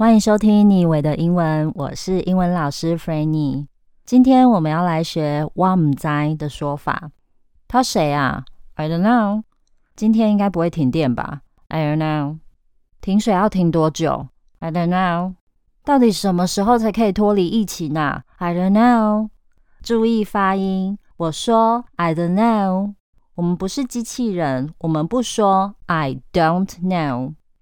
歡迎收聽妮偉的英文，我是英文老師 Frannie。今天我們要來學我不知道的說法。他誰啊？I don't know。今天應該不會停電吧？I don't know。停水要停多久？I don't know。到底什麼時候才可以脫離疫情啊？I don't know。注意發音，我說 I don't know。我們不是機器人，我們不說 I don't know。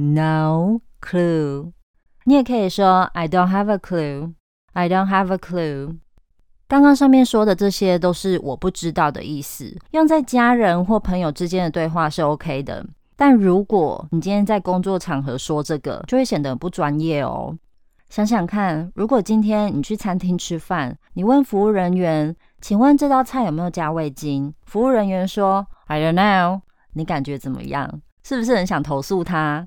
No clue。你也可以說 "I don't have a clue." "I don't have a clue." 剛剛上面說的這些都是我不知道的意思，用在家人或朋友之間的對話是 OK 的。但如果你今天在工作場合說這個，就會顯得不專業哦。想想看，如果今天你去餐廳吃飯，你問服務人員：“請問這道菜有沒有加味精？”服務人員說 "I don't know." 你感覺怎麼樣？是不是很想投訴他？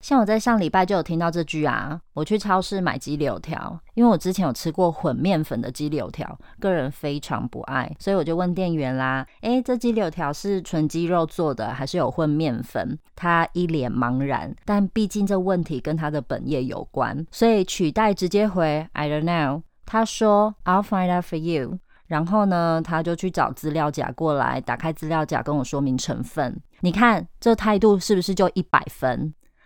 像我在上禮拜就有聽到這句啊，我去超市買雞柳條，因為我之前有吃過混麵粉的雞柳條，個人非常不愛，所以我就問店員啦，誒，這雞柳條是純雞肉做的還是有混麵粉？他一臉茫然，但畢竟這問題跟他的本業有關，所以取代直接回 I don't know。他說 I'll find out for you。然後呢，他就去找資料夾過來，打開資料夾跟我說明成分。你看，這態度是不是就一百分？